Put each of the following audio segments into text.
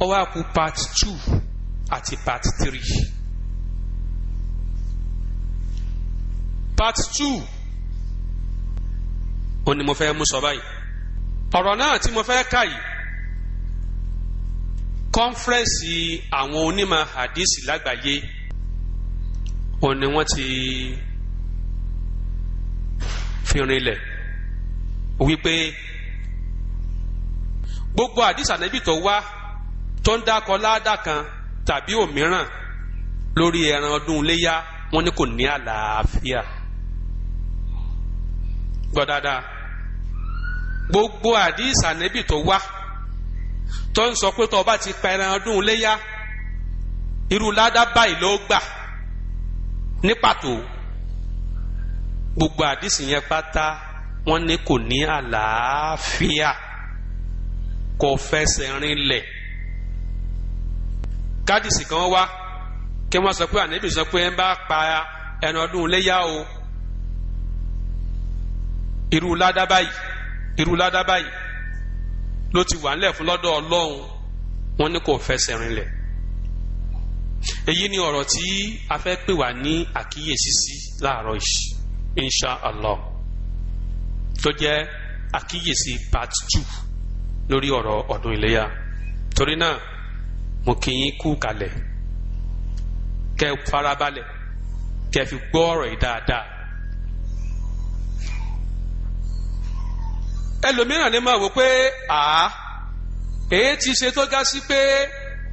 ó wá kù part two àti part three part two ó ní mo fẹ́ mú sọ báyìí ọ̀rọ̀ náà tí mo fẹ́ kà yìí kọ́nfẹ́rẹ́nsì àwọn onímọ̀ hadisi lágbàáyé ó ní wọ́n ti fi rinlẹ̀ wípé gbogbo hadisi ànábì tó wá tó ń dákọ láàdá kan tàbí òmíràn lórí ẹran ọdún iléyà wọ́n ní kò ní àlàáfíà gbọ́ dáadáa gbogbo àdìsá nẹ́bì tó wá tó ń sọ pé tó bá ti pa ẹran ọdún iléyà irú ládá báyìí ló gbà ní pàtó gbogbo àdìsí yẹn pátá wọ́n ní kò ní àlàáfíà kò fẹsẹ̀ rinlẹ̀ kádìsì kan wá kí wọ́n sọ pé ànábì sọ pé ẹ bá pa ẹran ọdún léyà o irú ládàbà yìí irú ládàbà yìí ló ti wà nílẹ̀ fún lọ́dọ̀ ọlọ́run wọn ní kò fẹsẹ̀ rinlẹ̀ èyí ni ọ̀rọ̀ tí a fẹ́ pè wá ní àkíyèsí sí láàárọ̀ yìí insha allah tó jẹ́ àkíyèsí part two lórí ọ̀rọ̀ ọdún iléyà torí náà mo kì í kú kalẹ̀ kẹ́ farabalẹ̀ kẹ́ fi gbọ́ ọ̀rọ̀ yìí dáadáa. ẹlòmíràn lè máa wò pé àá èyí ti ṣe tó ga sí pé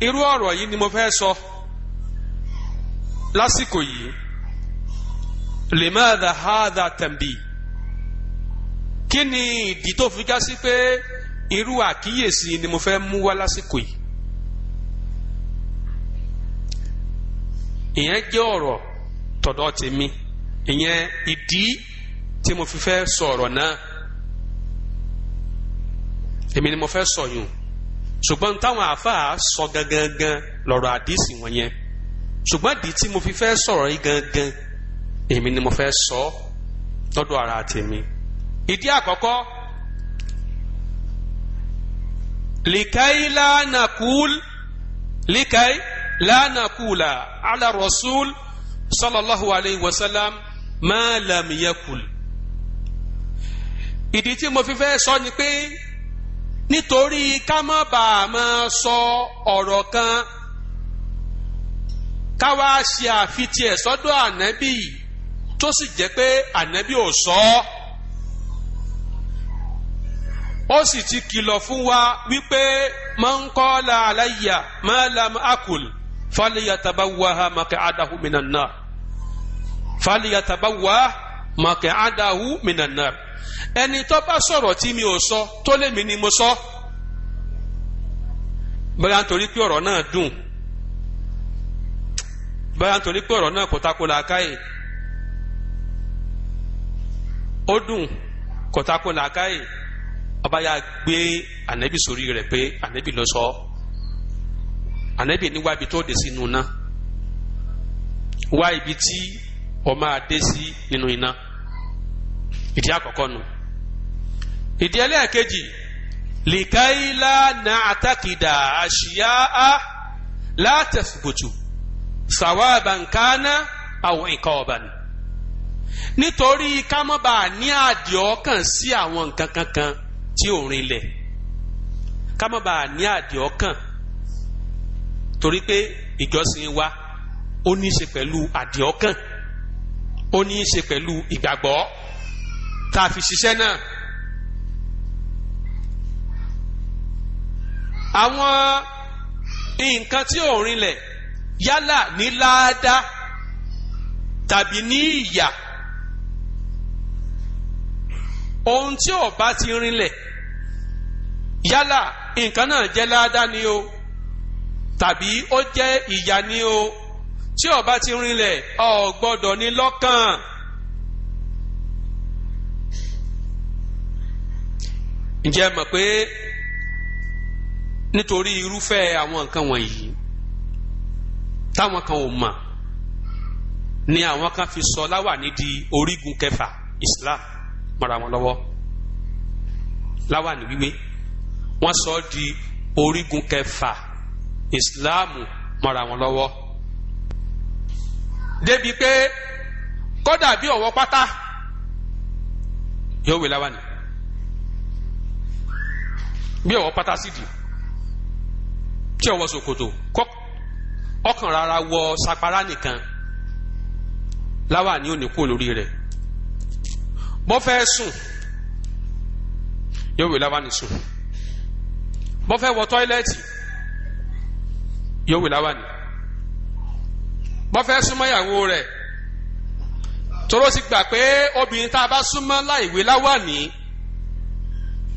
irú ọ̀rọ̀ yìí ni mo fẹ́ sọ lásìkò yìí lèmọ́dà hádà tẹ̀m̀bì kí ni ìdí tó fi ga sí pé irú àkíyèsí ni mo fẹ́ mú wá lásìkò yìí ìyẹn jẹ́ ọ̀rọ̀ tọ̀dọ̀ tèmi ìyẹn ìdí tí mo fi fẹ́ sọ ọ̀rọ̀ náà èmi ni mo fẹ́ sọ yùn ṣùgbọ́n táwọn àáfàá sọ gangan gan lọ́rọ̀ àdìsí wọn yẹn ṣùgbọ́n ìdí tí mo fi fẹ́ sọ̀rọ̀ yìí gangan èmi ni mo fẹ́ sọ lọ́dọ̀ ara tèmi ìdí àkọ́kọ́ lìkàí lánàkúl lìkàí la naqula ala rasul sallallahu alayhi wa sallam ma lam yakul. ìdí tí mo fi fẹ́ sọ ni pé nítorí ká má bàa máa sọ ọ̀rọ̀ kan ká wá ṣe àfitiẹ̀ sọ́dọ̀ ànábì tó sì jẹ́ pé ànábì ò sọ ọ́ ó sì ti kìlọ̀ fún wa wípé man qala alayya ma lam akul. Faliya maq'adahu minan nar falyatabawaha maq'adahu minan nar ẹni tó bá sọ̀rọ̀ tí mi ò sọ tó ni mo sọ bóyá nítorí pé ọ̀rọ̀ náà dùn bóyá nítorí pé ọ̀rọ̀ náà kò tako làákàyè ó dùn kò tako làákàyè ọba yà gbé ànẹ́bí sórí rẹ̀ pé ànẹ́bí ló sọ ànábì ní wá ibi tó dé sínú iná wá ibi tí o máa dé sí nínú iná ìdí àkọ́kọ́ nu ìdí ẹlẹ́ẹ̀kejì lìkàílà na àtàkìdà àṣìyá á látẹ̀sùbùtù sàwábàn kánà àwọn nǹkan ọ̀bà ni nítorí kámọ́bà ní àdìọ́ kàn sí àwọn nǹkan kankan tí ò rinlẹ̀ kámọ́bà ní àdìọ́ kàn torí pé ìjọsìn wa ó ní í ṣe pẹ̀lú àdìọ́kàn ó ní í ṣe pẹ̀lú ìgbàgbọ́ tá a fi ṣiṣẹ́ náà. àwọn nǹkan tí ò rinlẹ̀ yálà ní láádá tàbí ní ìyà ohun tí ò bá ti rinlẹ̀ yálà nǹkan náà jẹ́ láádá ni o tàbí ó jẹ́ ìyá ni o tí ó bá ti rinlẹ̀ ó gbọ́dọ̀ ní lọ́kàn. ǹjẹ́ mọ̀ pé nítorí irúfẹ́ àwọn nǹkan wọ̀nyí táwọn kan ò mọ̀ ni àwọn kan fi sọ láwà nídìí orígun kẹfà Islam mọ́ra wọn lọ́wọ́ láwà ní wíwé wọ́n sọ di orígun kẹfà ìsìláàmù mara wọn lọ́wọ́ débi pé kódà bí ọ̀wọ́ pátá yóò wé láwa ni bí ọ̀wọ́ pátá sì dì tí ọ̀wọ́ ṣòkòtò ọkàn rárá wọ sapara nìkan láwa ni ó ní kú lórí rẹ̀ bọ́ fẹ́ sùn yóò wé láwa ni sùn bọ́ fẹ́ wọ tọ́ílẹ̀tì. yóò wí láwàní bọ́fẹ́ súnmọ́ ìyàwó rẹ̀ tóró ti gbà pé obìnrin tá a bá súnmọ́ láì wí láwàní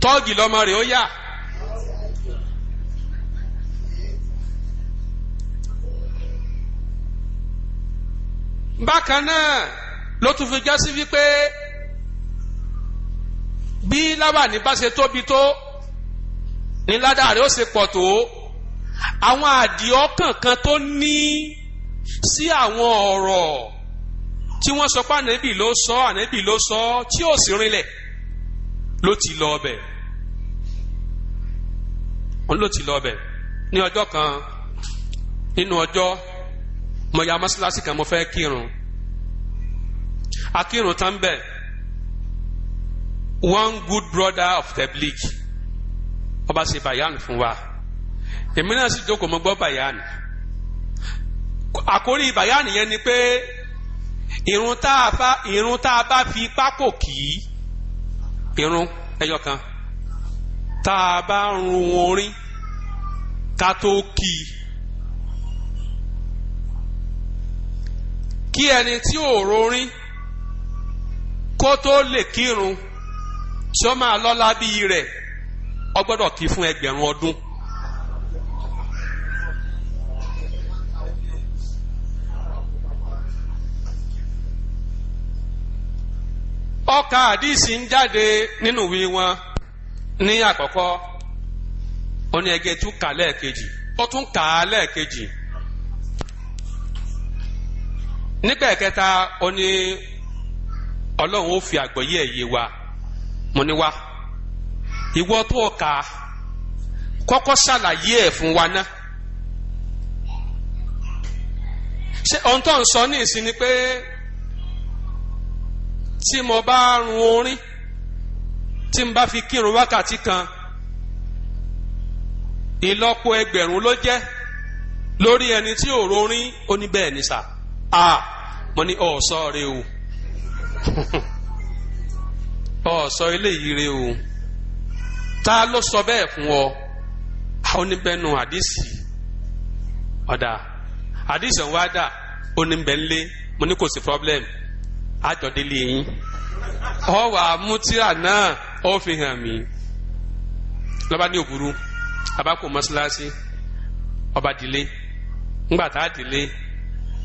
tọ́ọ̀gì lọ́mọ rẹ̀ ó yà. bákan náà ló tún fi jásí wípé bí láwàní bá ṣe tóbi tó ní ládàá rẹ̀ ó ṣe pọ̀ tó. àwọn àdìọ́kàn kan tó ní sí àwọn ọ̀rọ̀ tí wọ́n sọ pé ànábì ló sọ ànábì ló sọ tí ò sì rinlẹ̀ ló ti lọ ọbẹ̀ ló ti lọ ọbẹ̀ ní ọjọ́ kan nínú ọjọ́ mo ya kan mo fẹ́ kírun akírun tán bẹ̀ one good brother of the bleak ọba ṣe bàyàn fún wa èmi náà sì jókòó mo gbọ́ bàyáàni àkórí bàyáàni yẹn ni pé irun tá a bá irun tá a bá fi pákò kì í irun ẹyọ kan tá a bá run orin ká tó kì í kí ẹni tí ò rorin kó tó lè kírun tí ó máa lọ́lá bíi rẹ̀ ó gbọ́dọ̀ kí fún ẹgbẹ̀rún ọdún. ọka àdìsí ń jáde nínú ìwé wọn ní àkọ́kọ́ ó ní ẹgẹ tún kà lẹ́ẹ̀kejì ó tún kà á lẹ́ẹ̀kejì nígbà kẹta ó ní ọlọ́run ó fi àgbọ́yé ẹ̀yẹ wa mo ní wá ìwọ tó ọkà kọ́kọ́ ṣàlàyé ẹ̀ fún wa náà ṣé ohun tó ń sọ ní ìsìn pé. tí mo bá run orin tí n bá fi kírun wákàtí kan ìlọ́po ẹgbẹ̀rún ló jẹ́ lórí ẹni tí ò rorin oníbẹ̀ẹ́ ni sà á mo ní ọ̀ọ́sọ́ rẹ o ọ̀ọ́sọ́ eléyìí rẹ o ta ló sọ bẹ́ẹ̀ fún ọ oníbẹ̀nu àdìsí ọ̀dà àdìsí ọ̀hún wá dà oníbẹ̀ mo ní kò sí problem àjọ̀délé yín ọwọ́ àmútíra náà ó fi hàn mí lọ́ba ní òbúrú abákò mọ́ṣáláṣí ọba délé ńgbà tá a délé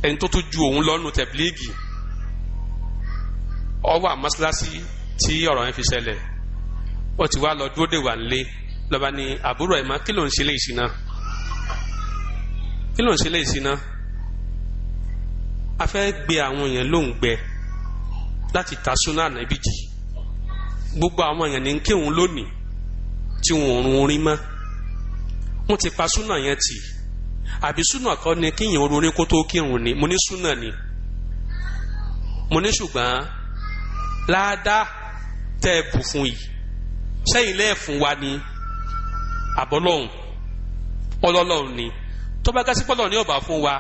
ẹni tó tún ju òun lọ́nu tẹ̀blíìgì ọwọ́ àmọ́ṣáláṣí tí ọ̀rọ̀ yẹn fi ṣẹlẹ̀ ó ti wá lọ dúró dè wà nílé lọ́ba ní àbúrò ẹ̀ kí ló ń ṣe léyìí sí kí ló ń ṣe léyìí sí a fẹ́ gbé àwọn èèyàn lóhùn gbẹ láti ta súnà nàbí jì gbogbo àwọn èèyàn ní kéwọn lónìí tí wọn ò rún orin mọ́ wọn ti pa súnà yẹn tì àbí súnà kọ́ ni kéèyàn orin kó tó kírun ni mo ní súnà ni mo ní ṣùgbọ́n ládàá tẹ́ ẹ bù fún yìí sẹ́yìn lẹ́ẹ̀fún wa ni àbọ́lọ́hùn ọlọ́lọ́hùn ni tó bá ní ọ̀bà fún wa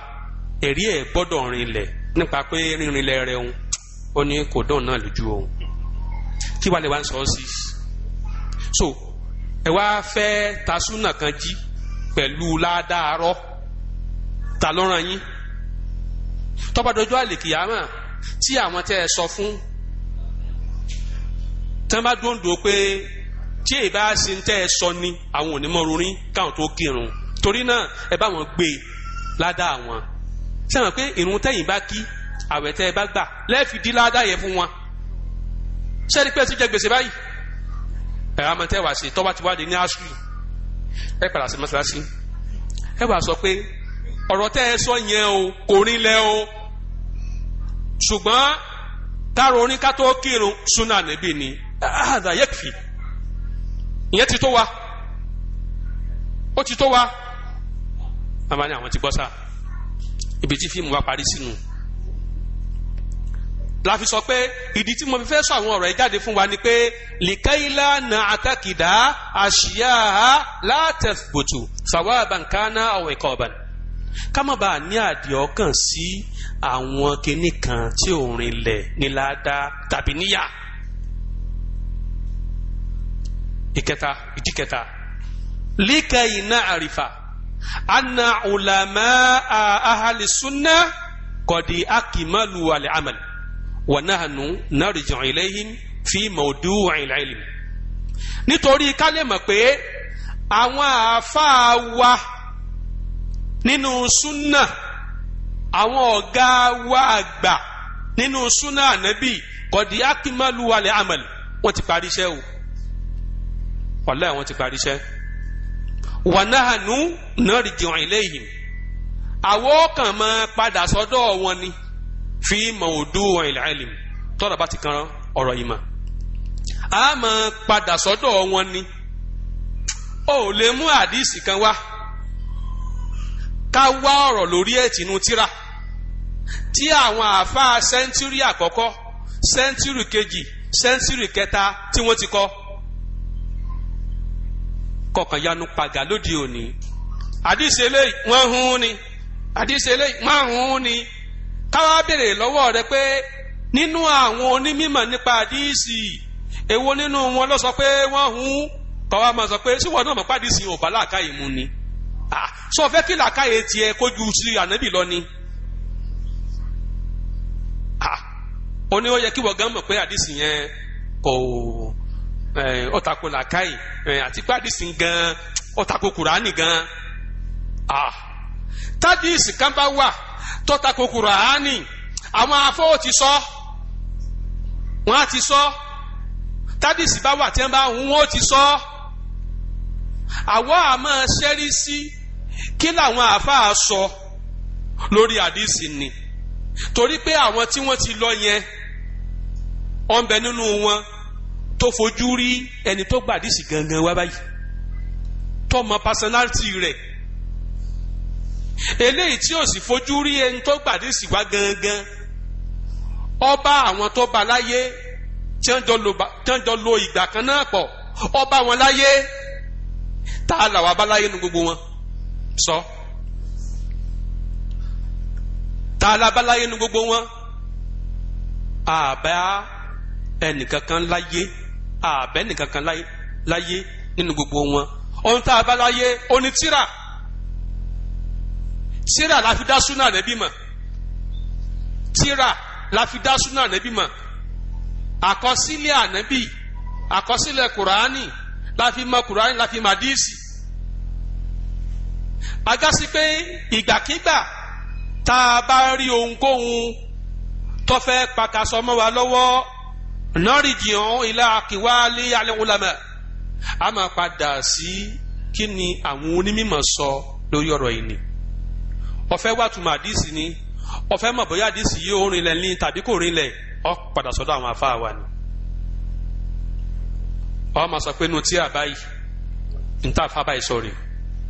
ẹ̀rí ẹ̀ gbọ́dọ̀ rinlẹ̀ nípa pé rínrinlẹ̀ rẹ̀ ń ó ní kò dán náà lójú òun kí wàá lè wá ń sọ ọ́ sí so ẹ wá fẹ́ ta súnà kan jí pẹ̀lú ládàárọ̀ ta ló ràn yín tọ́ba dojú àlèkìyàmà tí àwọn tẹ́ ẹ sọ fún tán bá dòǹdò pé tí èyí bá sin tẹ́ ẹ sọ ni àwọn onímọ̀ rorin káwọn tó kírun torí náà ẹ bá wọn gbé ládàá wọn sẹ́wọ̀n pé ìrun tẹ́yìn bá kí àwẹ̀ tẹ́ ẹ bá gbà lẹ́ẹ̀fì dín ládàá yẹn fún wọn sẹ́ni pé ẹ ti jẹ gbèsè báyìí ẹ̀ àmọ́ tẹ́ wàá ṣe tọ́ba ti wá dé ní aṣù yìí ẹ padà sí mọ́ṣáláṣí ẹ wàá sọ pé ọ̀rọ̀ tẹ́ ẹ sọ yẹn o kò rinlẹ̀ o ṣùgbọ́n táàrọ̀ orin ká tó kírun súnà níbí ni àdá yẹ́kì ìyẹn ti tó wa ó ti tó wa àmọ́ ni àwọn ti gbọ́ sá ibi tí fíìmù wa parí sínú. Si la fi sọ pé ìdí tí mo fi fẹ́ sọ àwọn ọ̀rọ̀ yìí jáde fún wa ni pé lìkẹ́yìlá na àtàkìdá àṣìyá látẹ̀bùtù sawaban kana aw iqaban. ká má bàa ní àdìẹ ọkàn sí àwọn kinní kan tí ò rinlẹ̀ níláàdá tàbí níyà. ìkẹta ìdí kẹta lìkẹ́yìí àrífà anna ulama ahalisunna kọ̀dí akimalu alẹ́ amẹ́lẹ́ wọnahanu narijọ ilayhim fi mọdú ìlàlẹ nítorí ká lè mọ̀ pé àwọn àáfàá wa nínú súnà àwọn ọ̀gá wa àgbà nínú súnà ànábì kọ̀dí akimalu wàlẹ̀ wọ́n ti parí iṣẹ́ o wàlẹ́ wọ́n ti parí iṣẹ́ wọnahanu narijọ ilayhim àwọn kan máa padà sọ́dọ̀ wọn ni fi mawdu'i al-ilm tọ́rọ̀ bá ti kan ọ̀rọ̀ ìmọ̀ a máa padà sọ́dọ̀ wọn ni ó lè mú àdìsí kan wá ká wá ọ̀rọ̀ lórí ẹ̀ tìǹú tíra tí àwọn àáfàá sẹ́ńtúrì àkọ́kọ́ sẹ́ńtúrì kejì sẹ́ńtúrì kẹta tí wọ́n ti kọ́ kọkàn yanu paga lóde òní àdìsí eléyìí wọ́n hun ni àdìsí eléyìí wọ́n hun ni káwá béèrè lọ́wọ́ rẹ pé nínú àwọn onímọ̀ nípa àdíìsì èwo nínú wọn ló sọ pé wọ́n hun káwá máa sọ pé síwọ́n náà mọ̀ pàdé sí ọ̀bá làákàyè mu ni sọ fẹ́ kí làákàyè tiẹ̀ kójú sí ànábì lọ ni ó ní ó yẹ kí wọ́n gan mọ̀ pé àdíìsì yẹn kò ó tako làákàyè àti pé àdíìsì gan ó tako kùránì gan. Ah tadis kan bá wà tọ́ta kòkòrò àání àwọn afọ́wò ti sọ wọ́n á ti sọ tádìsì bá wà tí wọ́n bá ń wọ́n ti sọ àwọ̀ àmọ́ ṣẹ́rí sí kí làwọn àáfàá sọ lórí àdìsì ni torí pé àwọn tí wọ́n ti lọ yẹn wọ́n bẹ nínú wọn tó fojú rí ẹni tó gbàdísì gangan wá báyìí tọmọ personality rẹ̀ eléyìí tí ò sì fojú rí ẹni tó gbàdísì wá gangan ọba àwọn tó ba láyé tí wọ́n jọ lo ìgbà kan náà pọ̀ ọba wọn láyé tá a là wá bá láyé nu gbogbo wọn sọ tá a là bá láyé nu gbogbo wọn àbá ẹnìkankan láyé àbẹ ẹnìkankan láyé nínú gbogbo wọn ohun tá a bá láyé onítìrà tíra la fi dá súnà nẹ́bí mọ̀ tíra la fi dá súnà nẹ́bí mọ̀ àkọsílẹ̀ ànẹ́bí àkọsílẹ̀ kùránì la fi mọ̀ kùránì la fi mọ̀ agasi pé ìgbàkigbà tá a bá rí ohunkóhun tó fẹ́ pàkàsọ mọ́ wa lọ́wọ́ nọ́rìjìhàn ilé àkíwálé alẹ́wòlámẹ́ a máa padà sí kí ni àwọn onímọ̀ sọ lórí ọ̀rọ̀ yìí ni. Ọfẹ fẹ́ wá àdìsí ni ọfẹ fẹ́ mọ̀ bóyá àdìsí yìí ó rinlẹ̀ ní tàbí kò rinlẹ̀ ó padà sọ́dọ̀ àwọn afá wa ni Ọ máa sọ pé inú tí a báyìí níta fa báyìí sọ ni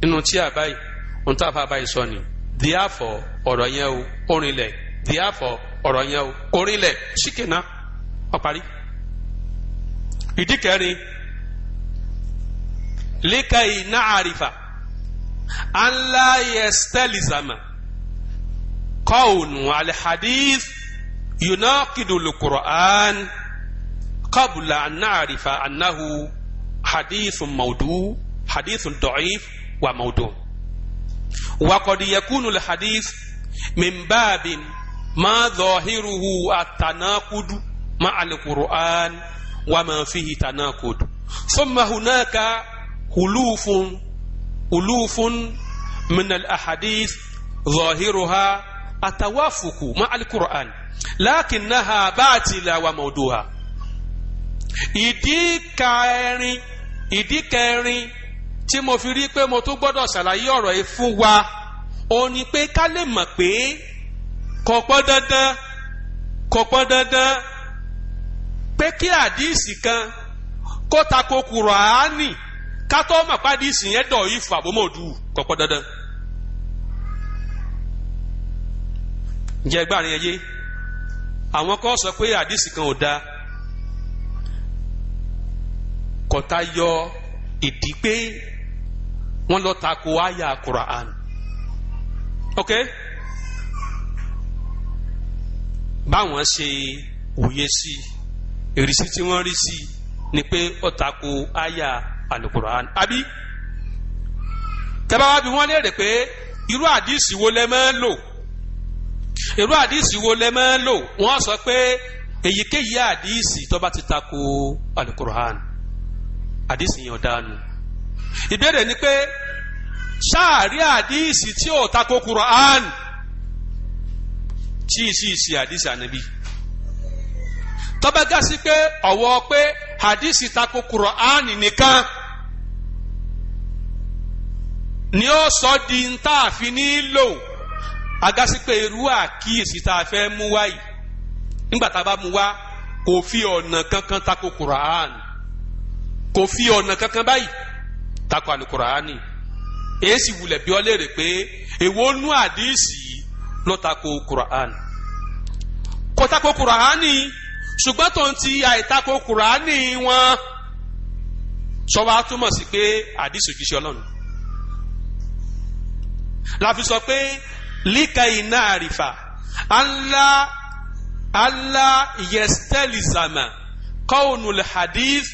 inú tí a báyìí níta fa báyìí sọ ni díàfọ̀ ọrọ yẹn o ó rinlẹ̀ díàfọ̀ ọ̀rọ̀ yẹn o kò rinlẹ̀ ṣìkìnà ó parí ìdí kẹrin líkàyí náà àrífà anla yẹ stẹlizama قول وعلى حديث يناقض القرآن قبل أن نعرف أنه حديث موضوع حديث ضعيف وموضوع وقد يكون الحديث من باب ما ظاهره التناقض مع القرآن وما فيه تناقض ثم هناك ألوف ألوف من الأحاديث ظاهرها atawafuku ma alukur'an lakinnaha baatila wa mawduha ìdí kẹrin ìdí kẹrin tí mo fi rí pé mo tún gbọ́dọ̀ ṣàlàyé ọ̀rọ̀ yìí fún wa ó ní pé ká lè mọ̀ pé kò pọn dandan kò pọn dandan pé kí àdíìsì kan kó tako kùrọ̀ àánì ká tó mọ̀ pé àdíìsì yẹn dọ̀ yìí fún àbomọ̀dù kò pọn dandan. ǹjẹ́ ẹgbàá rẹ̀ yé àwọn kan sọ pé àdìsí kan ò da kọ̀tà yọ ìdí pé wọ́n lọ tako àyà Quran ok báwọn ṣe wòye sí ìrísí tí wọ́n rí sí ni pé ó tako àyà alukur'an àbí tẹ́bá wá bí wọ́n léèrè pé irú àdìsí wo lẹ́ máa lò irú àdìsí wo lẹ máa ń lò wọ́n sọ pé èyíkéyìí àdìsí tó bá ti tako alukur'an àdìsí yẹn ọ̀dánu ìbéèrè ni pé sáàrí àdìsí tí ò tako kur'an tí ì sì ṣe àdìsí ànábì tó bá gásí pé ọ̀wọ́ pé àdìsí tako kur'an nìkan ni ó sọ di ń ní lò agasi pé irú àkíyèsí tá a fẹ́ mú wá yìí nígbà tá a bá mú wá kò fi ọ̀nà kankan tako Qur'an kò fi ọ̀nà kankan báyìí tako alukur'ani èyí sì wulẹ̀ bí ọ léèrè pé èwo nú àdíìsì ló tako Qur'an kò tako Qur'ani ṣùgbọ́n tó ń ti àìtako Qur'ani wọn sọ wá túmọ̀ sí pé àdíìsì òjíṣẹ́ Ọlọ́run la fi sọ pé likai naarifa alla alla yestelizama kawunul hadith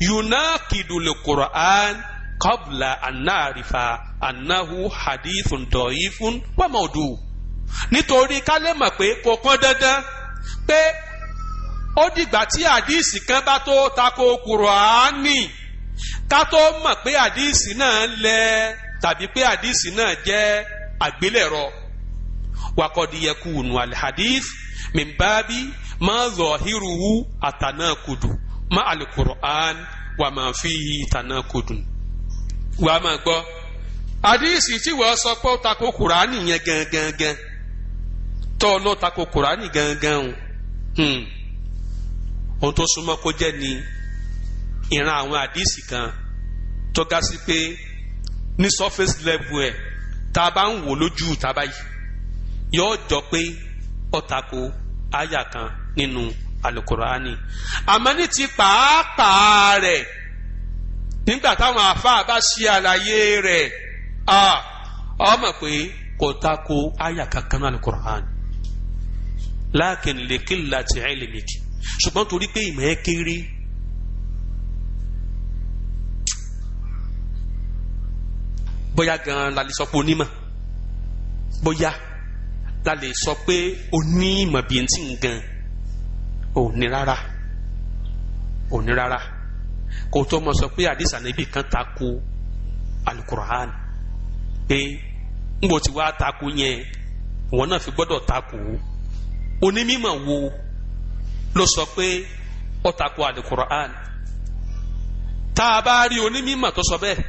yunakidul qur'an kabla anaarifa anahu hadithun dọyifun wamadu nítorí kálẹ̀ mọ̀ pé kò kán dandan pé ó dìgbà tí àdìsí kan bá tó tako kùrọ̀ánì ká tó mọ̀ pé àdìsí náà lẹ tàbí pé àdìsí náà jẹ́ wakọdi yakunu alihadis mimbabi ma zọhiruhu atanakudu ma alikur'an wa ma fihi tanakudu wa ma gbọ́ hadisi tí wọ́n sọ pé ó tako kurani yẹn gangan tọ́ ọ lọ́ tako kurani gangan o hmm. ohun tó súnmọ́ kó jẹ́ ni ìran àwọn hadisi kan tó ga sí pé ní surface level ẹ̀ tá a bá ń wò lójú tá a báyìí yóò jọ pé ó tako àyà kan nínú alukurani àmọ́ ní ti pàápàá rẹ̀ nígbà táwọn àfáà bá ṣe àlàyé rẹ̀ ó mọ̀ pé kò tako àyà kankan nínú alukurani láàkín likillati ilmiki ṣùgbọ́n torí pé ìmọ̀ ẹ kéré. bóyá gan-an la lè sọ pé onímọ̀ bóyá la lè sọ pé o ní ìmọ̀ bíi ti ń gan ò ní rárá ò ní rárá kò tó mọ̀ sọ pé àdìsá níbi kan ta ko alukurahan pé n bò ti wá ta ko yẹn ìwọ náà fi gbọ́dọ̀ ta onímọ̀ wo ló sọ pé ó ta ko tá a bá rí onímọ̀ tó sọ bẹ́ẹ̀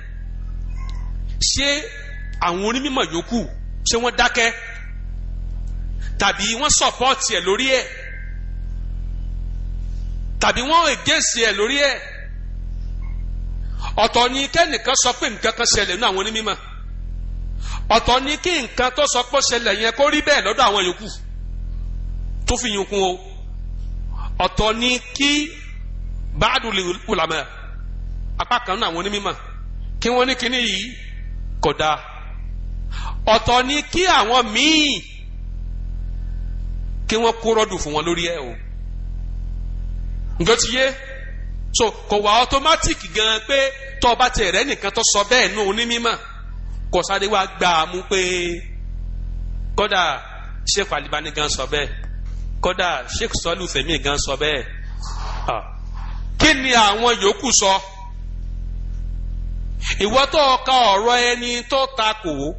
ṣé àwọn onímọ̀ yòókù ṣé wọ́n dákẹ́ tàbí wọ́n sọ̀pọ́ọ̀tì ẹ̀ lórí ẹ̀ tàbí wọ́n ègéèsì ẹ̀ lórí ẹ̀ ọ̀tọ̀ ni kẹ́nìkan sọ pé nǹkan kan ṣẹlẹ̀ nínú àwọn onímọ̀ ọ̀tọ̀ ni kí nǹkan tó sọ pé ṣẹlẹ̀ yẹn kó rí bẹ́ẹ̀ lọ́dọ̀ àwọn yòókù tó fi yín kún o ọ̀tọ̀ ni kí báàdùlì wùlàmọ̀ apá kan náà àwọn onímọ̀ kí wọ́n ní kíní yìí kò dáa ọ̀tọ̀ ni kí àwọn míì kí wọ́n kó rọ́dù fún wọn lórí ẹ̀ o nǹkan ti yé so kò wá automatic gan pé tó o bá ti rẹ́ nìkan tó sọ bẹ́ẹ̀ nù onímọ̀ kò sáré wá gbà á mú pé kódà sheikh alibani gan sọ bẹ́ẹ̀ kódà sheikh sọlù fẹmi gan sọ bẹ́ẹ̀ ah, kí ni àwọn yòókù sọ ìwọ tó ka ọ̀rọ̀ ẹni tó ta kò ó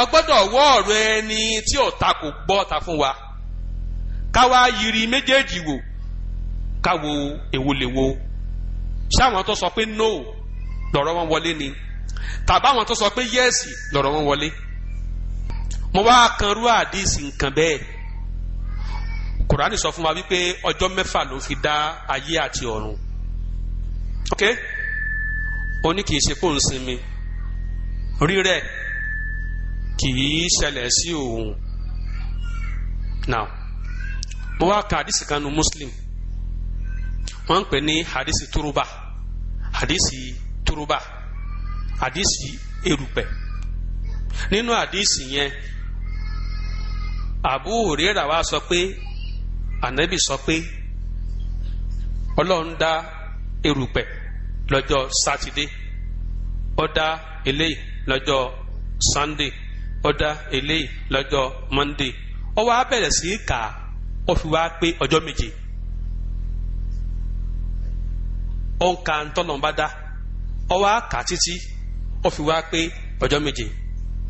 ọ gbọ́dọ̀ wọ́ ọ̀rọ̀ ẹni tí ọ̀tá kò gbọ́ ta fún wa káwa yiri méjèèjì wò káwo èwo lè wo ṣáwọn tó sọ pé no lọ́rọ̀ wọn wọlé ni tàbá àwọn tó sọ pé yẹ́ẹ̀sì lọ́rọ̀ wọn wọlé mo wá kanrú àdìsí nǹkan bẹ́ẹ̀ kùránì sọ fún wa wípé ọjọ́ mẹ́fà ló fi dá ayé àti ọ̀run ok ó kì í ṣe kó ń sinmi rírẹ̀ kì í ṣẹlẹ̀ sí òun now mo wá ka hadisi kan nu muslim wọ́n ń pè ní hadisi turuba hadisi turuba hadisi erùpẹ̀ nínú hadisi yẹn Abu Hurairah wá sọ pé Ànábì sọ pé Ọlọ́run dá erùpẹ̀ lọ́jọ́ sátidé ó dá eléyìí lọ́jọ́ Sunday ọ̀dà eléyìí lọ́jọ́ monday ó wá bẹ̀rẹ̀ sí í kà á ó fi wá pé ọjọ́ méje ó ń ka ntọ́nà bá dá ó wá kà á títí ó fi wá pé ọjọ́ méje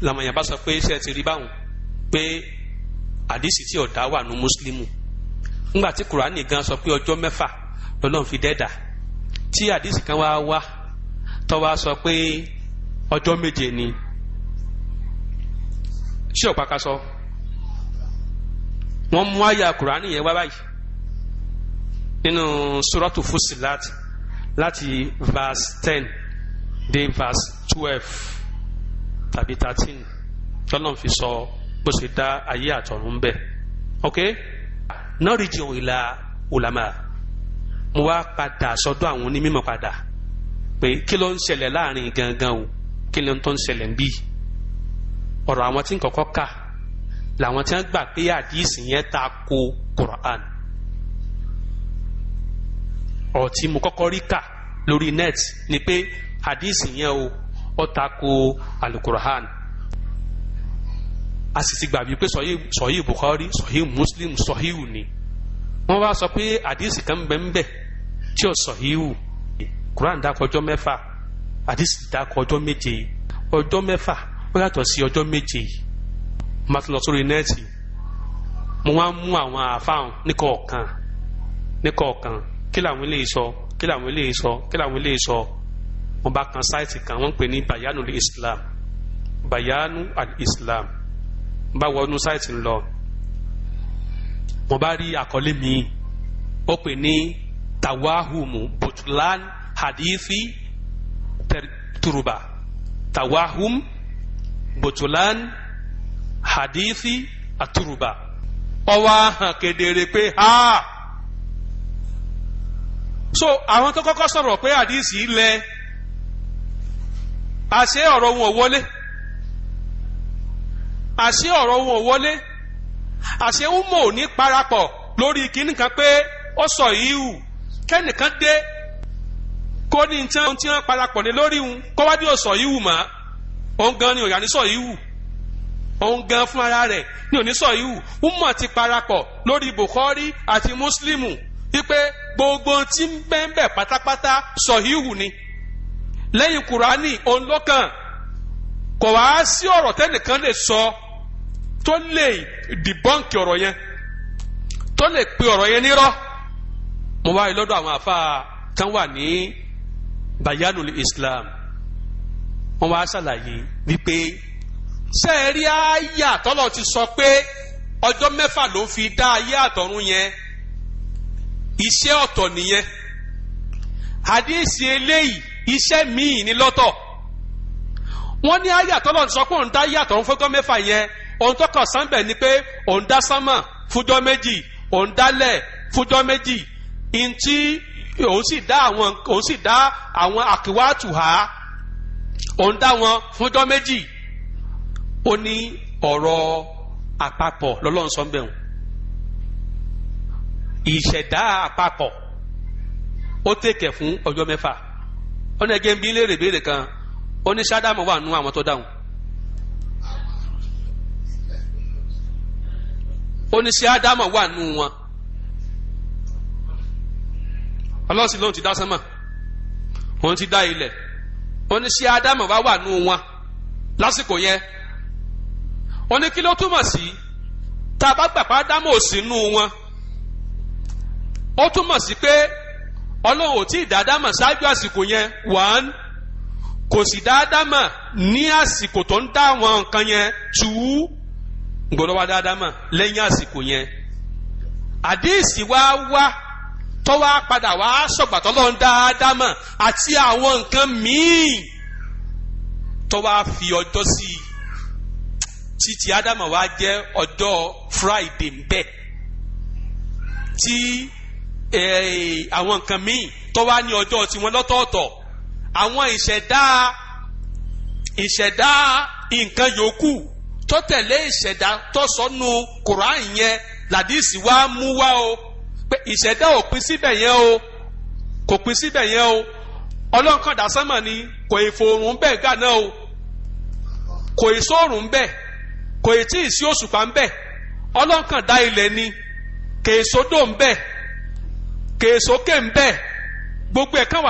làwọn èèyàn bá sọ pé ṣe ti rí báwọn pé àdìsí tí ọ̀dà wà nù mùsùlùmù ńgbà tí kùránì gan sọ pé ọjọ́ mẹ́fà lọ́nà fi dẹ́dà tí àdìsí kan wá wá tó sọ pé ọjọ́ méje ni ṣé ọ̀páká sọ wọ́n mú àyà kùránì yẹn wá báyìí nínú suratu fusilat láti verse ten dé verse twelve tàbí thirteen tọ́lọ́n fi sọ bó ṣe dá ayé àtọ̀run bẹ̀ ok náà ìlà ulama mo wá padà sọ́dọ̀ àwọn onímọ̀ padà pé kí ló ń ṣẹlẹ̀ láàrin gangan o kí ló ń tó ń ṣẹlẹ̀ ń bíi ọ̀rọ̀ àwọn tí ń kọ́kọ́ kà làwọn tí wọ́n gbà pé àdìsí yẹn ta ko Quran ọ̀rọ̀ tí mo kọ́kọ́ rí kà lórí net ni pé àdìsí yẹn o ó ta ko alukur'an a sì ti gbà wípé sọ̀yí Bukhari sọ̀yí Muslim sọ̀yí ni wọ́n wá sọ pé àdìsí kan bẹ́ẹ̀ ń tí ò sọ̀yí wù Quran dákọ̀ ọjọ́ mẹ́fà àdìsí dákọ̀ ọjọ́ méje ọjọ́ mẹ́fà ó yàtọ̀ sí ọjọ́ méje yìí má ti lọ sórí nẹ́ẹ̀tì mo wá mú àwọn àfáàhùn níkọ̀ọ̀kan níkọ̀ọ̀kan kí làwọn eléyìí sọ kí làwọn eléyìí sọ kí làwọn eléyìí sọ mo bá kan sáìtì kan wọ́n ń pè ní bayanu islam bayanu al-islam mo bá wọnú sáìtì ń lọ mo bá rí àkọlé mi ó pè ní tawahumu butlan hadithi turuba tawahum botulan hadithi aturuba ọwọ́ hàn kedere pé ha so àwọn tó kọ́kọ́ sọ̀rọ̀ pé hadithi lẹ àṣé ọ̀rọ̀ wọn ò wọlé àṣé ọ̀rọ̀ wọn ò wọlé àṣé umo ò ní parapọ̀ lórí kíní kan pé ó sọ ìhù kẹ́nìkan dé kó ní tí wọ́n parapọ̀ ní lórí wọn kọ́wádìí ò sọ ìhù mọ́ òun gan ni òyà ní sọ yìí wù òun gan fún ara rẹ̀ ní òní sọ yìí wù umma ti parapọ̀ lórí Bukhari àti Muslimu wípé gbogbo tí ń bẹ́ńbẹ́ pátápátá sọ yìí wù ni lẹ́yìn Kùránì òun lọ́kàn kò wá sí ọ̀rọ̀ tẹ́nìkan lè sọ tó lè dìbọ́ǹkì ọ̀rọ̀ yẹn tó lè pe ọ̀rọ̀ yẹn nírọ́ mo wá rí àwọn àfa tán wà ní bayanul Islam wọ́n wá ṣàlàyé wípé ṣé ẹ rí àyà tọ́lọ̀ ti sọ pé ọjọ́ mẹ́fà ló ń fi dá ayé àtọ̀run yẹn iṣẹ́ ọ̀tọ̀ nìyẹn àdéhìsí eléyìí iṣẹ́ míì ní lọ́tọ̀ wọ́n ní àyà tọ́lọ̀ ti sọ pé òun dá ayé àtọ̀run fọ́jọ́ mẹ́fà yẹn òun tọkọ̀ sánbẹ̀ ni pé òun dá sánmà fújọ́ méjì òun dálẹ̀ fújọ́ méjì ntí òun sì dá àwọn òun sì dá àwọn àkíwá tù há òun dá wọn fúnjọ́ méjì ó ní ọ̀rọ̀ àpapọ̀ lọ́lọ́run sọ ń bẹ̀rù ìṣẹ̀dá àpapọ̀ ó tèkẹ̀ fún ọjọ́ mẹ́fà ó ní ẹgbẹ́ ń bí léèrè béèrè kan ó ní sádàmù wà nú àwọn tó dáhùn ó ní sí ádámù wà nú wọn ọlọ́sìn lóun ti dá sánmà òun ti dá ilẹ̀ oníṣẹ́ ádámù wá wà nù wọn lásìkò yẹn oní kí ló túmọ̀ sí tá a bá gbà pé ádámù ò sí nù wọn ó túmọ̀ sí pé ọlọ́run ò tí ì dá ádámù ṣáájú àsìkò yẹn one kò sì dá ádámù ní àsìkò tó ń dá àwọn nǹkan yẹn two gbọ́dọ̀ wá dá ádámù lẹ́yìn àsìkò yẹn àdéhìsì wá wá tọ́wọ́ padà wá sọ̀gbàtọ́ lọ́n dáadáa mọ̀ àti àwọn nǹkan míì tọ́wọ́ fi ọjọ́ sí i títí ádámà wá jẹ́ ọjọ́ friday ńbẹ́ tí àwọn nǹkan míì tọ́wọ́ ní ọjọ́ tiwọn lọ́tọ̀ọ̀tọ̀ àwọn ìṣẹ̀dá ìṣẹ̀dá nǹkan yòókù tó tẹ̀lé ìṣẹ̀dá tó sọnù kùrán yẹn làdíìsì wá mú wá o. pé ìṣẹ̀dá ò pín o kò pín síbẹ̀ o ọlọ́run kan ni kò ìfòòrùn bẹ́ẹ̀ gà náà o kò ìsóòrùn bẹ́ẹ̀ kò ìtí tí òṣùpá ń bẹ́ẹ̀ dá ilẹ̀ ni kè sódò gbogbo ẹ̀ kàn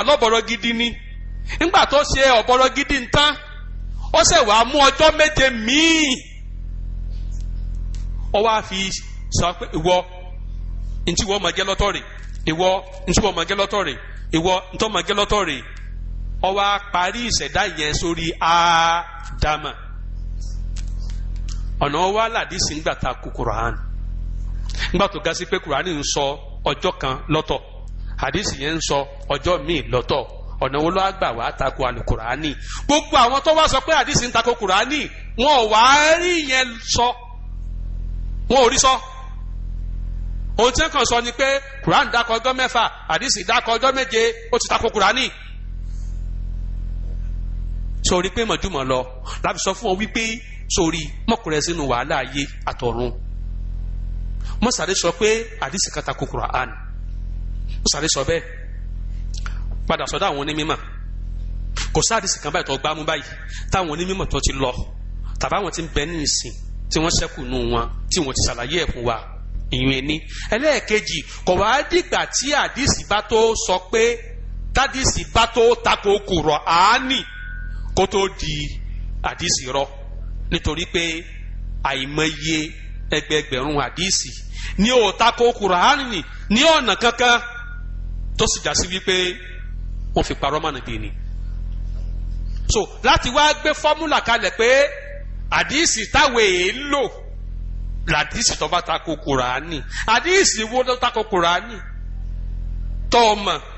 ni tó ṣe ọ̀bọ̀rọ̀ gidi ń tán ó méje míì ọ wá fi ntí wọ́n máa jẹ́ lọ́tọ̀ rè ìwọ ntí wọ́n máa jẹ́ lọ́tọ̀ rè ìwọ ntọ́ máa jẹ́ lọ́tọ̀ rè ó wá parí ìṣẹ̀dá yẹn sórí ádámà ọ̀nà wa làdísì ńgbà ta kú kùránì ńgbà tó ga sí pé kùránì ń sọ ọjọ́ kan lọ́tọ̀ àdísì yẹn ń sọ ọjọ́ míì lọ́tọ̀ ọ̀nà wo ló á gbà wá tako alukùránì gbogbo àwọn tó wá sọ pé àdísì ń tako kùránì wọn ò wá rí yẹn sọ wọn ò rí sọ. So ohun tí wọn kàn sọ ni pé Quran dákọ ọjọ́ mẹ́fà àdìsí dákọ ọjọ́ méje ó ti takò Qurani sori pé mọ̀júmọ̀ lọ láti sọ fún ọ wípé sori mọ̀kùrẹ́ sínú wàhálà ayé àtọ̀run mọ̀sàdé sọ pé àdìsí kan takò Quran mọ̀sàdé sọ bẹ́ẹ̀ padà sọ́dọ̀ àwọn onímọ̀ kò sí àdìsí kan báyìí tó gbámú báyìí táwọn onímọ̀ tó ti lọ tàbá wọn ti ń bẹ ní ìsìn tí wọ́n ṣẹ́kù nù wọn tí wọ́n ti ṣàlàyé ẹ̀kún wa ìyún ẹni ẹlẹ́ẹ̀kejì kò wá dìgbà tí àdìsí bá tó sọ pé tádìsí bá tó takò kùrọ̀ àání kó tó di àdìsí rọ nítorí pé àìmọye ẹgbẹẹgbẹ̀rún àdìsí ni ò takò kùrọ̀ àání ní ọ̀nà kankan tó sì já sí wípé wọ́n fi parọ́ mọ́nà bíi ni. so láti wá gbé fọ́múlà kalẹ̀ pé àdìsí táwọn èèyàn lò làdísì tó bá tako kùránì àdísì wo ló tako kùránì tọ́ ọ mọ̀.